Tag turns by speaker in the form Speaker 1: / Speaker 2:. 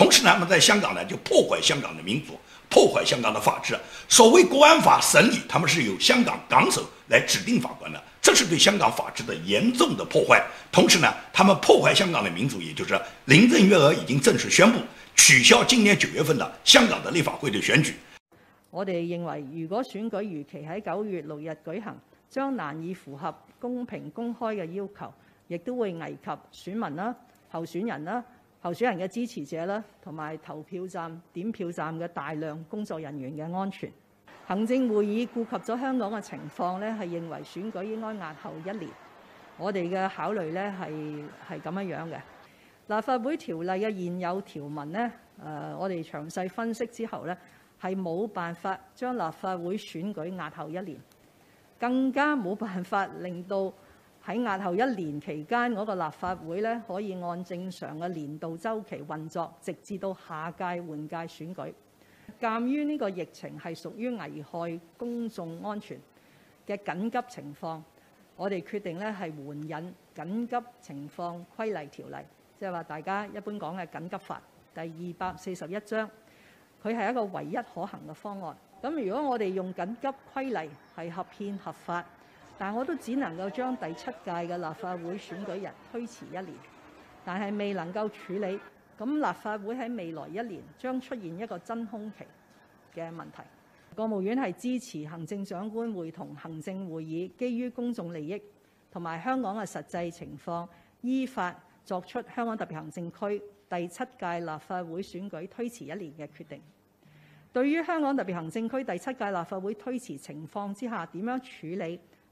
Speaker 1: 同時呢，他們在香港呢就破壞香港的民主，破壞香港的法治。所謂國安法審理，他們是由香港港首來指定法官的，這是對香港法治的嚴重的破壞。同時呢，他們破壞香港的民主，也就是林鄭月娥已經正式宣布取消今年九月份的香港的立法會的選舉。
Speaker 2: 我哋認為，如果選舉如期喺九月六日舉行，將難以符合公平公開嘅要求，亦都會危及選民啦、啊、候選人啦、啊。候選人嘅支持者啦，同埋投票站、點票站嘅大量工作人員嘅安全。行政會議顧及咗香港嘅情況，呢係認為選舉應該押後一年。我哋嘅考慮呢係係咁樣樣嘅。立法會條例嘅現有條文呢，誒，我哋詳細分析之後呢，係冇辦法將立法會選舉押後一年，更加冇辦法令到。喺押後一年期間，嗰個立法會咧可以按正常嘅年度週期運作，直至到下屆換屆選舉。鑑於呢個疫情係屬於危害公眾安全嘅緊急情況，我哋決定咧係援引緊急情況規例條例，即係話大家一般講嘅緊急法第二百四十一章，佢係一個唯一可行嘅方案。咁如果我哋用緊急規例係合憲合法。但我都只能夠將第七屆嘅立法會選舉日推遲一年，但係未能夠處理。咁立法會喺未來一年將出現一個真空期嘅問題。國務院係支持行政長官會同行政會議基於公眾利益同埋香港嘅實際情況，依法作出香港特別行政區第七屆立法會選舉推遲一年嘅決定。對於香港特別行政區第七屆立法會推遲情況之下，點樣處理？